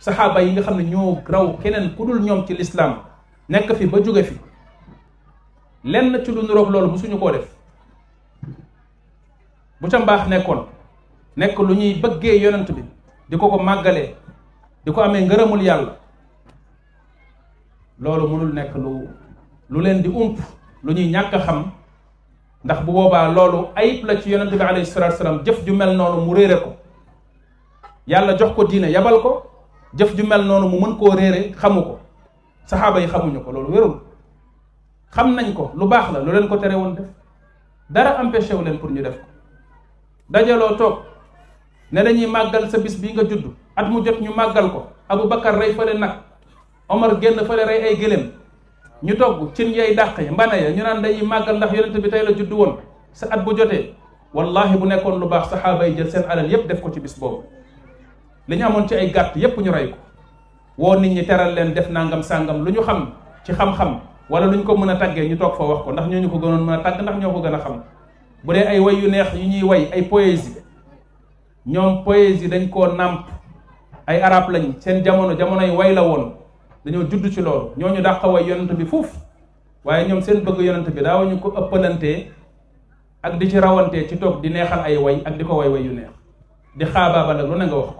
sahaba yi nga xam ne ñoo raw keneen ku dul ñoom ci lislaam nekk fi ba jóge fi lenn ci lu nuroog loolu musuñu koo def bu ca mbaax nekkoon nekk lu ñuy bëggee yonent bi di ko ko màggalee di ko amee ngërëmul yàlla loolu mënul nekk lu lu leen di ump lu ñuy ñàkk xam ndax bu boobaa loolu ayib la ci yonent bi alayhi salatu jëf ju mel noonu mu réere ko yàlla jox ko diine yabal ko jëf ju mel noonu mu mën koo réere xamu ko saxaaba yi xamuñu ko loolu wérul xam nañ ko lu baax la lu leen ko tere woon def dara empêché wu leen pour ñu def ko dajaloo toog ne dañuy màggal sa bis bii nga judd at mu jot ñu màggal ko Abu Bakar rey fële nag Omar génn fële rey ay gélem ñu togg cin yay dàq yi mbana ya ñu naan dañuy màggal ndax yonent bi tey la judd woon sa at bu jotee wallahi bu nekkoon lu baax saxaaba yi jël seen alal yépp def ko ci bis boobu li ñu amoon ci ay gàtt yépp ñu rey ko woo nit ñi teral leen def nangam sàngam lu ñu xam ci xam-xam wala lu ñu ko mën a tàggee ñu toog fa wax ko ndax ñu ko gënoon mën a tàgg ndax ñoo ko gën a xam bu dee ay way yu neex yu ñuy way ay poésie ñoom poésie dañ koo nàmp ay arab lañ seen jamono jamono yi way la woon dañoo judd ci loolu ñooñu dàq way yonent bi fuuf waaye ñoom seen bëgg yonent bi daawañu ko ëppalantee ak di ci rawantee ci toog di neexal ay way ak di ko way yu neex di xaabaabal ak lu ne nga